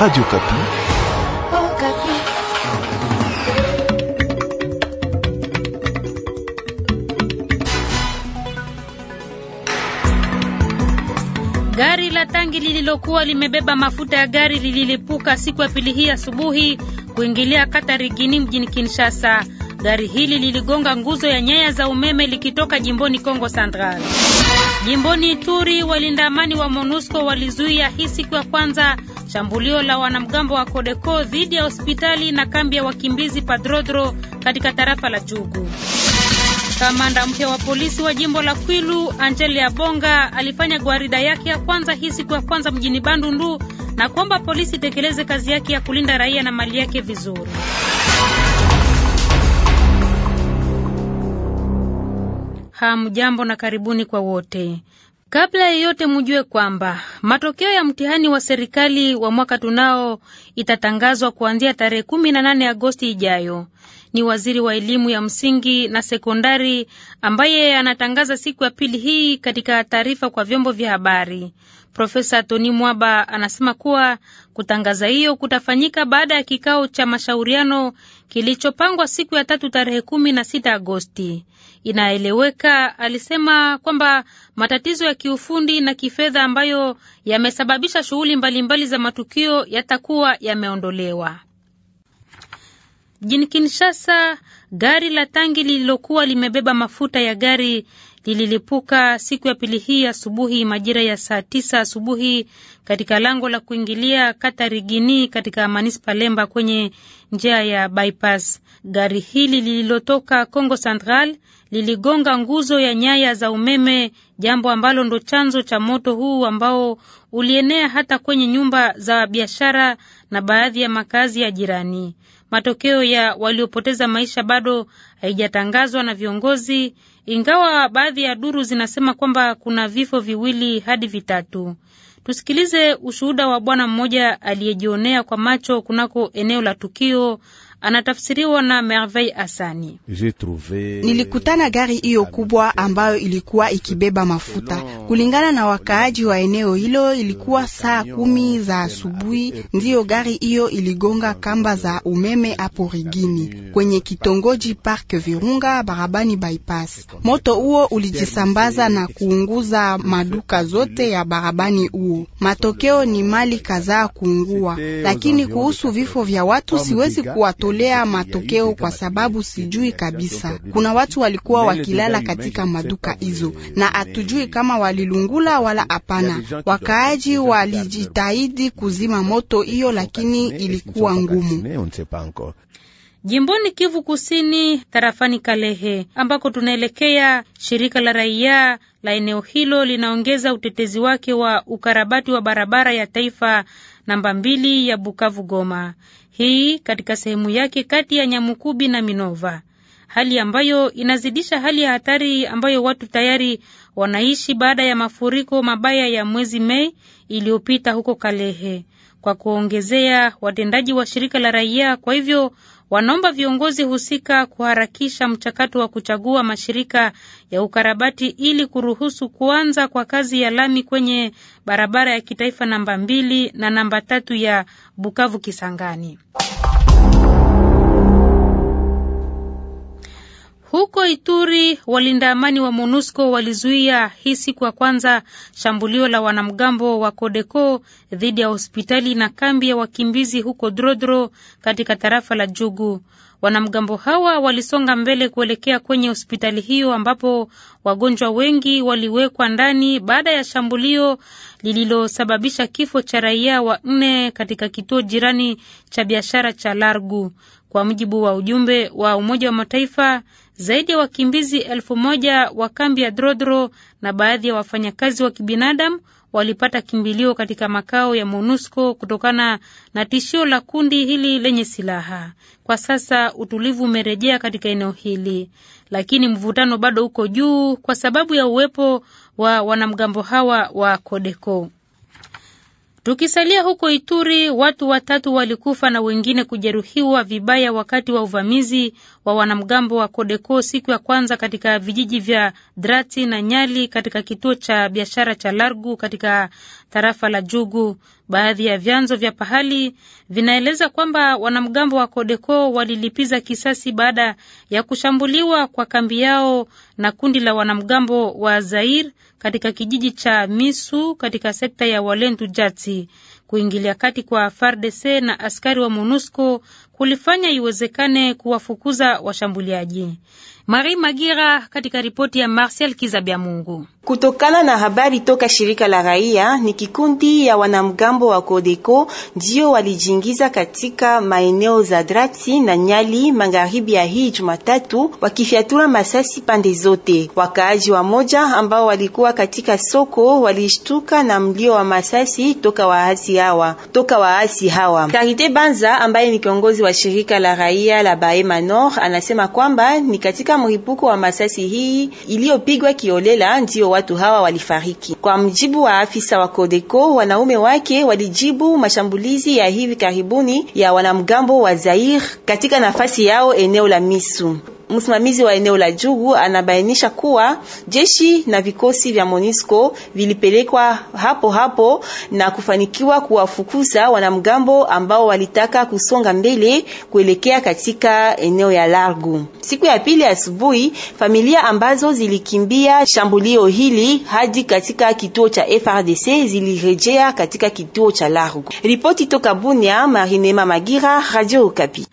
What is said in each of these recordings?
Radio Okapi. Gari la tangi lililokuwa limebeba mafuta ya gari lililipuka siku ya pili hii asubuhi kuingilia kata Rigini mjini Kinshasa. Gari hili liligonga nguzo ya nyaya za umeme likitoka jimboni Kongo Central. Jimboni Ituri, walinda amani wa MONUSCO walizuia hii siku ya kwanza Shambulio la wanamgambo wa Kodeko dhidi ya hospitali na kambi ya wakimbizi Padrodro katika tarafa la Jugu. Kamanda mpya wa polisi wa jimbo la Kwilu Angele Abonga alifanya gwarida yake ya kwanza hii siku ya kwanza mjini Bandundu na kuomba polisi itekeleze kazi yake ya kulinda raia na mali yake vizuri. Hamjambo na karibuni kwa wote. Kabla ya yote mujue kwamba matokeo ya mtihani wa serikali wa mwaka tunao itatangazwa kuanzia tarehe kumi na nane Agosti ijayo. Ni waziri wa elimu ya msingi na sekondari ambaye anatangaza siku ya pili hii katika taarifa kwa vyombo vya habari. Profesa toni Mwaba anasema kuwa kutangaza hiyo kutafanyika baada ya kikao cha mashauriano kilichopangwa siku ya tatu tarehe kumi na sita Agosti inaeleweka, alisema kwamba matatizo ya kiufundi na kifedha ambayo yamesababisha shughuli mbalimbali za matukio yatakuwa yameondolewa. Mjini Kinshasa, gari la tangi lililokuwa limebeba mafuta ya gari lililipuka siku ya pili hii asubuhi majira ya saa tisa asubuhi katika lango la kuingilia kata Rigini katika manispa Lemba kwenye njia ya bypass. Gari hili lililotoka Congo Central liligonga nguzo ya nyaya za umeme, jambo ambalo ndo chanzo cha moto huu ambao ulienea hata kwenye nyumba za biashara na baadhi ya makazi ya jirani. Matokeo ya waliopoteza maisha bado haijatangazwa na viongozi ingawa baadhi ya duru zinasema kwamba kuna vifo viwili hadi vitatu. Tusikilize ushuhuda wa bwana mmoja aliyejionea kwa macho kunako eneo la tukio anatafsiriwa na Merveille Asani. Nilikutana gari hiyo kubwa ambayo ilikuwa ikibeba mafuta. Kulingana na wakaaji wa eneo hilo, ilikuwa saa kumi za asubuhi ndiyo gari hiyo iligonga kamba za umeme hapo Rigini kwenye kitongoji Park Virunga, barabani bypass. Moto huo ulijisambaza na kuunguza maduka zote ya barabani huo. Matokeo ni mali kadhaa kuungua, lakini kuhusu vifo vya watu siwezi kuwatoa kutolea matokeo kwa sababu sijui kabisa. Kuna watu walikuwa wakilala katika maduka hizo na hatujui kama walilungula wala hapana. Wakaaji walijitahidi kuzima moto hiyo, lakini ilikuwa ngumu. Jimboni Kivu Kusini, tarafani Kalehe ambako tunaelekea, shirika la raia la eneo hilo linaongeza utetezi wake wa ukarabati wa barabara ya taifa namba mbili ya Bukavu Goma hii katika sehemu yake kati ya Nyamukubi na Minova, hali ambayo inazidisha hali ya hatari ambayo watu tayari wanaishi baada ya mafuriko mabaya ya mwezi Mei iliyopita huko Kalehe. Kwa kuongezea, watendaji wa shirika la raia kwa hivyo wanaomba viongozi husika kuharakisha mchakato wa kuchagua mashirika ya ukarabati ili kuruhusu kuanza kwa kazi ya lami kwenye barabara ya kitaifa namba mbili na namba tatu ya Bukavu Kisangani. Huko Ituri, walinda amani wa MONUSCO walizuia hii siku ya kwanza shambulio la wanamgambo wa CODECO dhidi ya hospitali na kambi ya wakimbizi huko Drodro katika tarafa la Jugu. Wanamgambo hawa walisonga mbele kuelekea kwenye hospitali hiyo ambapo wagonjwa wengi waliwekwa ndani baada ya shambulio lililosababisha kifo cha raia wa nne katika kituo jirani cha biashara cha Largu, kwa mujibu wa ujumbe wa Umoja wa Mataifa. Zaidi ya wakimbizi elfu moja wa kambi ya Drodro na baadhi ya wafanyakazi wa kibinadamu walipata kimbilio katika makao ya MONUSCO kutokana na tishio la kundi hili lenye silaha. Kwa sasa utulivu umerejea katika eneo hili, lakini mvutano bado uko juu kwa sababu ya uwepo wa wanamgambo hawa wa Kodeko. Tukisalia huko Ituri, watu watatu walikufa na wengine kujeruhiwa vibaya wakati wa uvamizi wa wanamgambo wa Kodeko siku ya kwanza katika vijiji vya Drati na Nyali katika kituo cha biashara cha Largu katika tarafa la Jugu. Baadhi ya vyanzo vya pahali vinaeleza kwamba wanamgambo wa Kodeko walilipiza kisasi baada ya kushambuliwa kwa kambi yao na kundi la wanamgambo wa Zair katika kijiji cha Misu katika sekta ya Walendu Jati. Kuingilia kati kwa FARDC na askari wa MONUSCO kulifanya iwezekane kuwafukuza washambuliaji mari Magira katika ripoti ya Marcel mungu Kutokana na habari toka shirika la raia, ni kikundi ya wanamgambo wa Kodeko ndio walijingiza katika maeneo za Drati na Nyali magharibi ya hii Jumatatu, wakifyatura masasi pande zote. Wakaaji wa moja ambao walikuwa katika soko walishtuka na mlio wa masasi toka waasi hawa toka waasi hawa. Karite Banza ambaye ni kiongozi wa shirika la raia la Baema Nord anasema kwamba ni katika mripuko mlipuko wa masasi hii iliyopigwa kiolela, ndiyo watu hawa walifariki. Kwa mjibu wa afisa wa Kodeko, wanaume wake walijibu mashambulizi ya hivi karibuni ya wanamgambo wa Zair katika nafasi yao eneo la Misu. Msimamizi wa eneo la Jugu anabainisha kuwa jeshi na vikosi vya Monisco vilipelekwa hapo hapo na kufanikiwa kuwafukuza wanamgambo ambao walitaka kusonga mbele kuelekea katika eneo ya Largu. Siku ya pili asubuhi familia ambazo zilikimbia shambulio hili hadi katika kituo cha FRDC zilirejea katika kituo cha Largo. Ripoti toka Bunia, Marinema Magira, Radio Okapi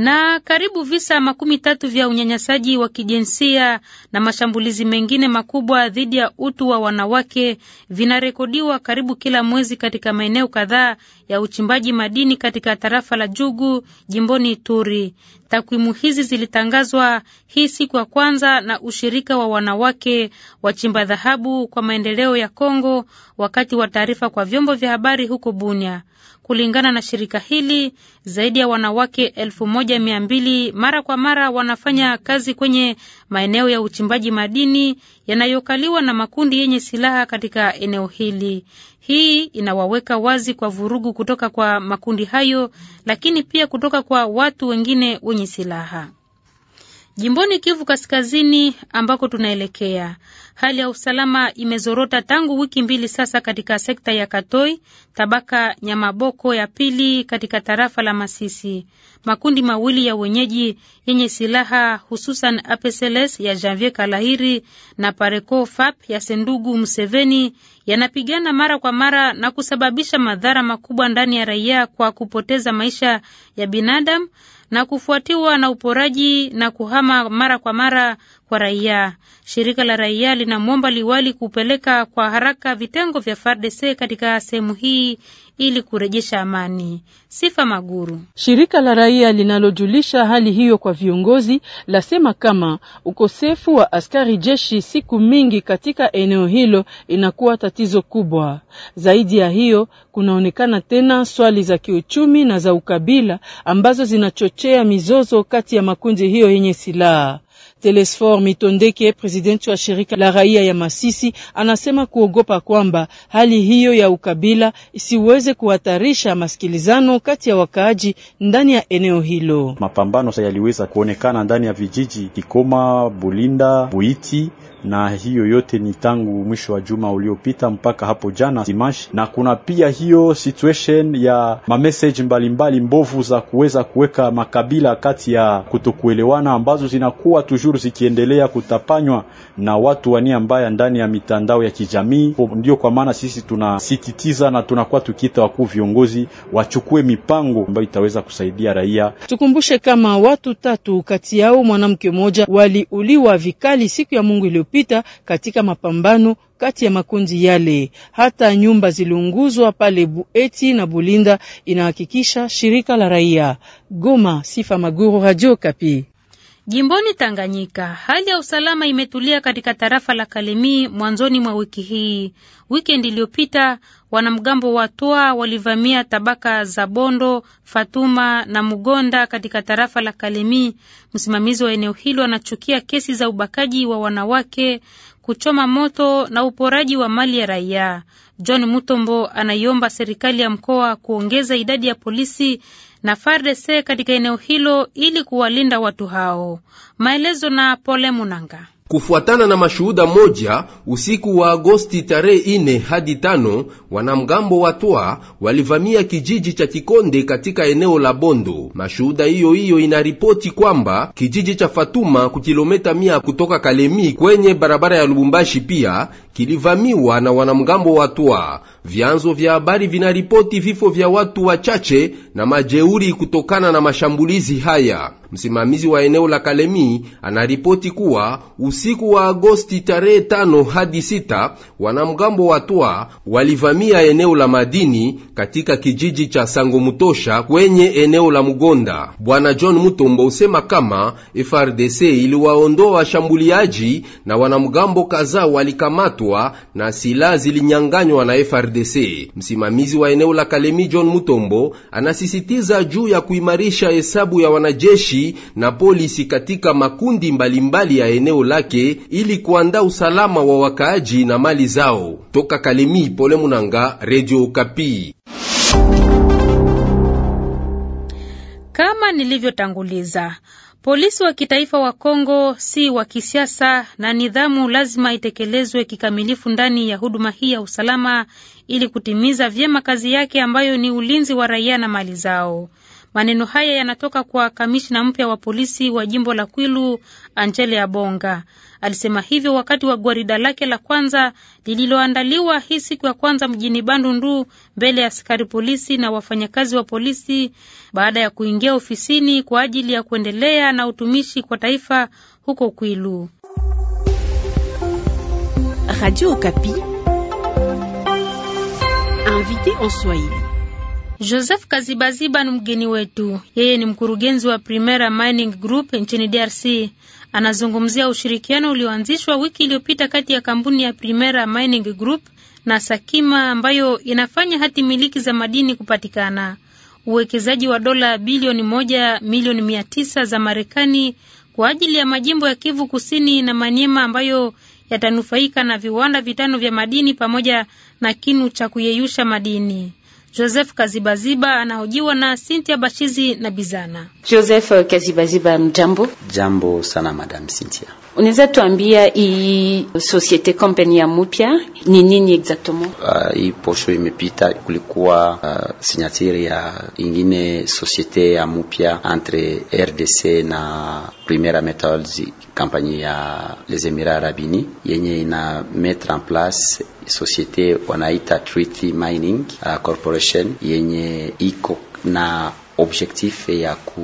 na karibu visa makumi tatu vya unyanyasaji wa kijinsia na mashambulizi mengine makubwa dhidi ya utu wa wanawake vinarekodiwa karibu kila mwezi katika maeneo kadhaa ya uchimbaji madini katika tarafa la Jugu jimboni Ituri. Takwimu hizi zilitangazwa hii siku ya kwanza na ushirika wa wanawake wachimba dhahabu kwa maendeleo ya Kongo wakati wa taarifa kwa vyombo vya habari huko Bunia. Kulingana na shirika hili, zaidi ya wanawake elfu moja mia mbili mara kwa mara wanafanya kazi kwenye maeneo ya uchimbaji madini yanayokaliwa na makundi yenye silaha katika eneo hili. Hii inawaweka wazi kwa vurugu kutoka kwa makundi hayo, lakini pia kutoka kwa watu wengine wenye silaha. Jimboni Kivu Kaskazini ambako tunaelekea, hali ya usalama imezorota tangu wiki mbili sasa katika sekta ya Katoi, tabaka Nyamaboko ya pili katika tarafa la Masisi. Makundi mawili ya wenyeji yenye silaha hususan APCLS ya Janvier Kalahiri na Pareco FAP ya Sendugu Mseveni yanapigana mara kwa mara na kusababisha madhara makubwa ndani ya raia kwa kupoteza maisha ya binadamu na kufuatiwa na uporaji na kuhama mara kwa mara kwa raia. Shirika la raia linamwomba liwali kupeleka kwa haraka vitengo vya FARDC katika sehemu hii ili kurejesha amani. Sifa Maguru. Shirika la raia linalojulisha hali hiyo kwa viongozi lasema kama ukosefu wa askari jeshi siku mingi katika eneo hilo inakuwa tatizo kubwa. Zaidi ya hiyo kunaonekana tena swali za kiuchumi na za ukabila ambazo zinachochea mizozo kati ya makundi hiyo yenye silaha. Telesfor Mitondeke, presidenti wa shirika la raia ya Masisi, anasema kuogopa kwamba hali hiyo ya ukabila isiweze kuhatarisha masikilizano kati ya wakaaji ndani ya eneo hilo. Mapambano yaliweza kuonekana ndani ya vijiji Kikoma, Bulinda, Buiti na hiyo yote ni tangu mwisho wa juma uliopita mpaka hapo jana Dimash, na kuna pia hiyo situation ya ma message mbalimbali mbovu za kuweza kuweka makabila kati ya kutokuelewana ambazo zinakuwa tujuru zikiendelea kutapanywa na watu wania mbaya ndani ya mitandao ya kijamii. Ndio kwa maana sisi tunasititiza na tunakuwa tukiita wakuu viongozi wachukue mipango ambayo itaweza kusaidia raia. Tukumbushe kama watu tatu kati yao mwanamke mmoja waliuliwa vikali siku ya Mungu iliyo uliopita katika mapambano kati ya makundi yale. Hata nyumba ziliunguzwa pale Bueti na Bulinda, inahakikisha shirika la raia. Goma, Sifa Maguru, Radio Kapi. Jimboni Tanganyika, hali ya usalama imetulia katika tarafa la Kalemie mwanzoni mwa wiki hii. Wikendi iliyopita wanamgambo wa Toa walivamia tabaka za Bondo, Fatuma na Mugonda katika tarafa la Kalemie. Msimamizi wa eneo hilo anachukia kesi za ubakaji wa wanawake, kuchoma moto na uporaji wa mali ya raia. John Mutombo anaiomba serikali ya mkoa kuongeza idadi ya polisi na FARDC katika eneo hilo ili kuwalinda watu hao. Maelezo na Pole Munanga. Kufuatana na mashuhuda moja, usiku wa Agosti tarehe ine hadi tano, wanamgambo wa Twa walivamia kijiji cha Kikonde katika eneo la Bondo. Mashuhuda hiyo hiyo inaripoti kwamba kijiji cha Fatuma kukilometa mia kutoka Kalemi kwenye barabara ya Lubumbashi pia kilivamiwa na wanamgambo wa Twa. Vyanzo vya habari vinaripoti vifo vya watu wachache na majeuri kutokana na mashambulizi haya. Msimamizi wa eneo la Kalemi anaripoti kuwa usiku wa Agosti tarehe tano hadi sita wanamgambo wa Twa walivamia eneo la madini katika kijiji cha sango mutosha kwenye eneo la Mugonda. Bwana John Mutombo usema kama FRDC iliwaondoa washambuliaji na wanamgambo kadhaa walikamatwa kukamatwa na silaha zilinyanganywa na FRDC. Msimamizi wa eneo la Kalemi John Mutombo anasisitiza juu ya kuimarisha hesabu ya wanajeshi na polisi katika makundi mbalimbali ya eneo lake ili kuandaa usalama wa wakaaji na mali zao. Toka Kalemi, Pole Munanga, Radio Kapi. Kama nilivyotanguliza Polisi wa kitaifa wa Kongo si wa kisiasa na nidhamu lazima itekelezwe kikamilifu ndani ya huduma hii ya usalama ili kutimiza vyema kazi yake ambayo ni ulinzi wa raia na mali zao. Maneno haya yanatoka kwa kamishna mpya wa polisi wa jimbo la Kwilu, Angele Abonga. Alisema hivyo wakati wa gwarida lake la kwanza lililoandaliwa hii siku ya kwanza mjini Bandundu mbele ya askari polisi na wafanyakazi wa polisi baada ya kuingia ofisini kwa ajili ya kuendelea na utumishi kwa taifa huko Kwilu. Radio Okapi, invité en Swahili. Joseph Kazibaziba ni mgeni wetu. Yeye ni mkurugenzi wa Primera Mining Group nchini DRC. Anazungumzia ushirikiano ulioanzishwa wiki iliyopita kati ya kampuni ya Primera Mining Group na Sakima ambayo inafanya hati miliki za madini kupatikana. Uwekezaji wa dola bilioni moja milioni mia tisa za Marekani kwa ajili ya majimbo ya Kivu Kusini na Manyema ambayo yatanufaika na viwanda vitano vya madini pamoja na kinu cha kuyeyusha madini. Joseph Kazibaziba anahojiwa na Cynthia Bashizi na Bizana. Joseph Kazibaziba, mjambo. Jambo sana madam Cynthia. Unaweza tuambia hii societe company ya mupya ni nini exactement? Uh, hii posho imepita kulikuwa uh, ah, signatire ya ingine societe ya mupya entre RDC na Primera Metals kampani ya Les Emirats Arabes Unis yenye ina mettre en place societe wanaita Treaty Mining uh, Corporation Corporation yenye iko na objectif ya ku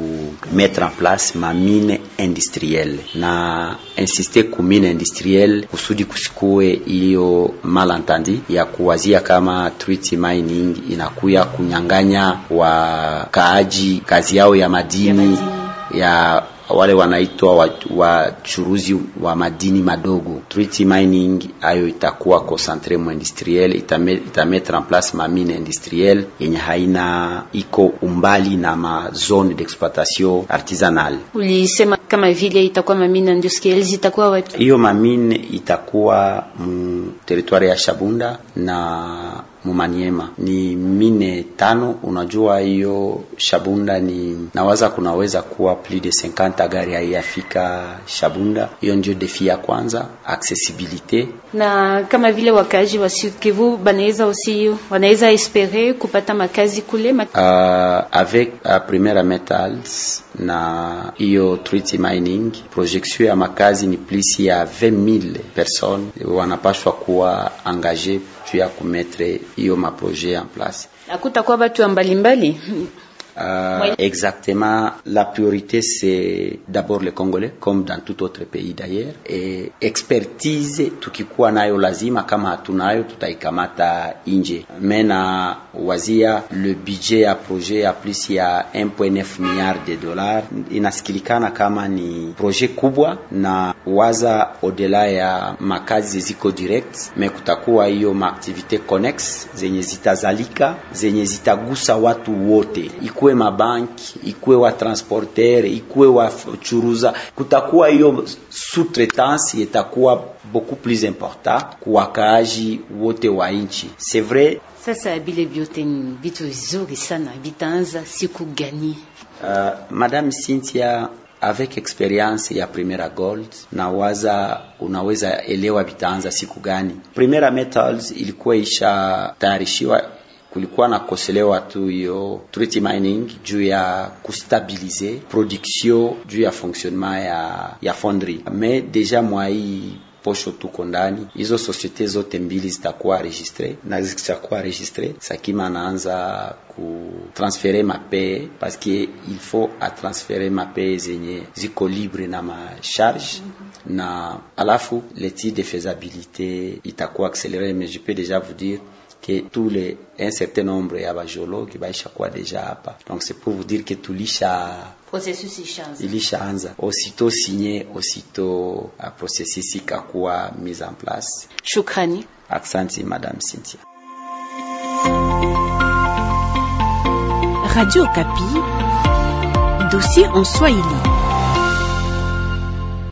mettre en place mamine industrielle na insiste ku mine industrielle kusudi kusikue hiyo malentendu ya kuwazia kama treaty mining inakuya kunyang'anya wakaaji kazi yao ya madini ya wale wanaitwa wachuruzi wa madini madogo. Treaty mining ayo itakuwa concentre mu industriel, itametre en place mamine industriel yenye haina iko umbali na ma zone d'exploitation artisanale. Ulisema kama vile itakuwa mamine na ndio sikielezi itakuwa wapi? Hiyo mamine itakuwa mu territoire ya Shabunda na Mumaniema ni mine tano. Unajua hiyo Shabunda ni nawaza kunaweza kuwa plus de 50 gari haiyafika Shabunda. Hiyo ndio defi ya kwanza, accessibility. Na kama vile wakaji wa Sud-Kivu banaweza usiyo wanaweza espere kupata makazi kule uh, avec uh, ah, Primera Metals na hiyo treaty Manyasi Mining, projection ya makazi ni plisi ya 20000 personnes wanapashwa kuwa engage tu ya kumetre hiyo maproje en place. Akutakuwa batu mbalimbali Euh, exactement, la priorité c'est d'abord les Congolais, comme dans tout autre pays d'ailleurs, et expertise tukikuwa nayo lazima kama tout tutaikamata nje. Mena wazia le budget à projet ya plus a 1.9 milliard de dollars Inaskilikana kama ni projet kubwa na waza odela ya makazi ziko direct, me kutakuwa hiyo activite connex zenye zitazalika zenye zitagusa watu wote Iku ikuwe mabanki, ikuwe wa transportere, ikuwe wa churuza, kutakuwa hiyo sous-traitance itakuwa beaucoup plus important kwa kuwakaaji wote wa nchi. C'est vrai. Sasa bile vyote ni vitu vizuri sana, vitaanza siku gani? Uh, Madame Cynthia avec experience ya Primera Gold na waza unaweza elewa vitaanza siku gani. Primera Metals ilikuwa isha tayarishiwa kulikuwa na koselewa tu hiyo treaty mining juu ya la production juu ya fonctionnement ya, la fonderie Mais déjà, me deja mwai posho tuko ndani, hizo societe zote mbili zitakuwa registre na m'a registre, Sakima transférer ma parce parce il faut transférer ma que zenye ziko libre na ma charge à mhm. na alafu l'étude de faisabilité itakuwa accéléré. mais je peux déjà vous dire que tous les un certain nombre va chaque baishakuwa déjà hapa. Donc c'est pour vous dire que tulisha processus signé ilishaanza aussitôt signé, aussitôt a processus ikakuwa mise en place. Shukrani, aksanti Madame Cynthia. Radio Kapi, dossier en Swahili.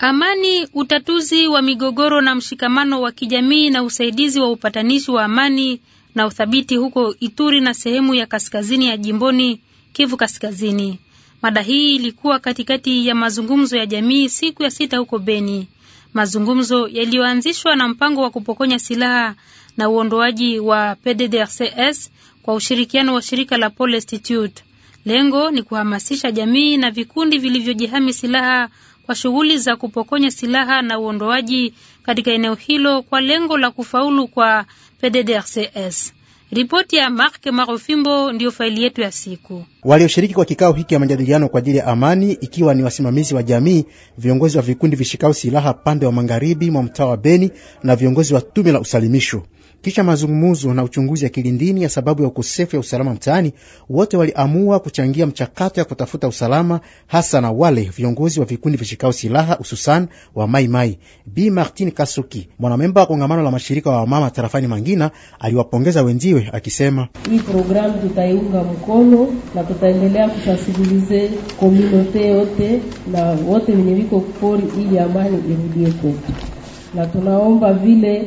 Amani, utatuzi wa migogoro na mshikamano wa kijamii na usaidizi wa upatanishi wa amani na uthabiti huko Ituri na sehemu ya kaskazini ya jimboni Kivu Kaskazini. Mada hii ilikuwa katikati ya mazungumzo ya jamii siku ya sita huko Beni, mazungumzo yaliyoanzishwa na mpango wa kupokonya silaha na uondoaji wa PDDRCS kwa ushirikiano wa shirika la Paul Institute. Lengo ni kuhamasisha jamii na vikundi vilivyojihami silaha kwa shughuli za kupokonya silaha na uondoaji katika eneo hilo kwa lengo la kufaulu kwa PDDRCS. Ripoti ya Mark Marofimbo ndiyo faili yetu ya siku. Walioshiriki kwa kikao hiki ya majadiliano kwa ajili ya amani, ikiwa ni wasimamizi wa jamii, viongozi wa vikundi vishikao silaha pande wa magharibi mwa mtaa wa Beni na viongozi wa tume la usalimisho. Kisha mazungumuzo na uchunguzi ya kilindini ya sababu ya ukosefu ya usalama mtaani, wote waliamua kuchangia mchakato ya kutafuta usalama, hasa na wale viongozi wa vikundi vishikao silaha hususan wa Maimai. b Martin Kasuki, mwanamemba wa kongamano la mashirika wa wamama tarafani Mangina, aliwapongeza wenziwe akisema, hii programu tutaiunga mkono na tutaendelea kufasikilize komunote yote na wote wenye viko pori ili amani irudie kwetu na tunaomba vile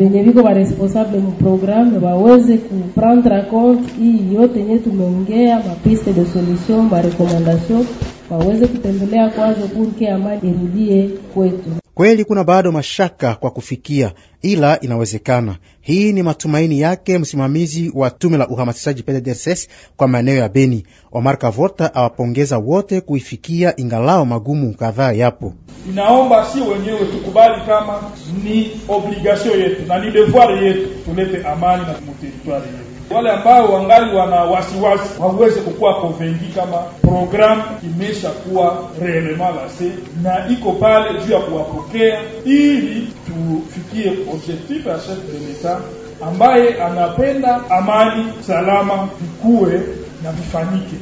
wenye viko mu muprogramme waweze kuprendre compte hii yote yenye tumeongea, mapiste de solution, marekomandation, waweze kutembelea kwazo, purke amani irudie kwetu. Kweli kuna bado mashaka kwa kufikia, ila inawezekana. Hii ni matumaini yake msimamizi wa tume la uhamasishaji PDDRCS kwa maeneo ya Beni, Omar Kavota. Awapongeza wote kuifikia, ingalao magumu kadhaa yapo. Inaomba si wenyewe tukubali kama ni obligation yetu na ni devoir yetu, tulete amani na muteritwari yetu wale ambao wangali wana wasiwasi waweze kukuwa konvengi kama programu kuwa reellement lase na iko pale juu ya kuwapokea, ili tufikie objectif ya chef de l'etat ambaye anapenda amani, salama vikuwe na vifanyike.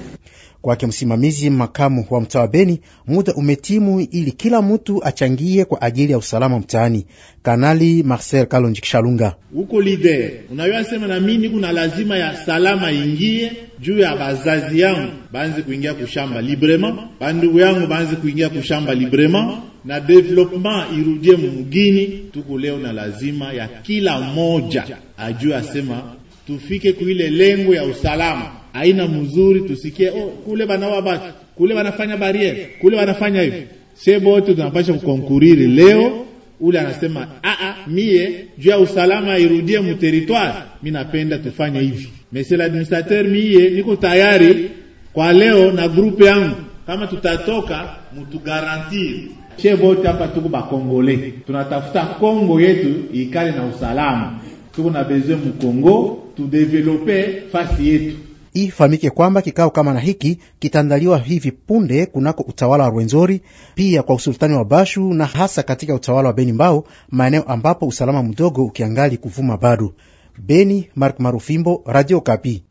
Kwake msimamizi makamu wa mtaa wa Beni, muda umetimu ili kila mtu achangie kwa ajili ya usalama mtaani. Kanali Marcel Kalonji Kishalunga huko lider unayoasema na mini, kuna lazima ya salama ingie juu ya bazazi yangu baanze kuingia kushamba librement, bandugu yangu baanze kuingia kushamba librement na development irudie mumugini tuku. Leo na lazima ya kila moja ajue asema tufike kuile lengo ya usalama aina mzuri tusikie oh, kule banawa batu kule wanafanya bariere kule wanafanya hivi sebo wote tunapasha kukonkuriri leo ule anasema aa ah, ah, mie juu ya usalama irudie mu territoire mimi napenda tufanye hivi monsieur l'administrateur mie niko tayari kwa leo na grupe yangu kama tutatoka mutugarantir che vote hapa tuko bakongole tunatafuta Kongo yetu ikale na usalama tuko na besoin mu Kongo tudevelope fasi yetu Ifahamike kwamba kikao kama na hiki kitaandaliwa hivi punde kunako utawala wa Rwenzori, pia kwa usultani wa Bashu na hasa katika utawala wa Beni Mbao, maeneo ambapo usalama mdogo ukiangali kuvuma bado. Beni, Mark Marufimbo, Radio Kapi.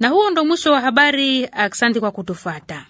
Na huo ndo mwisho wa habari. Asante kwa kutufata.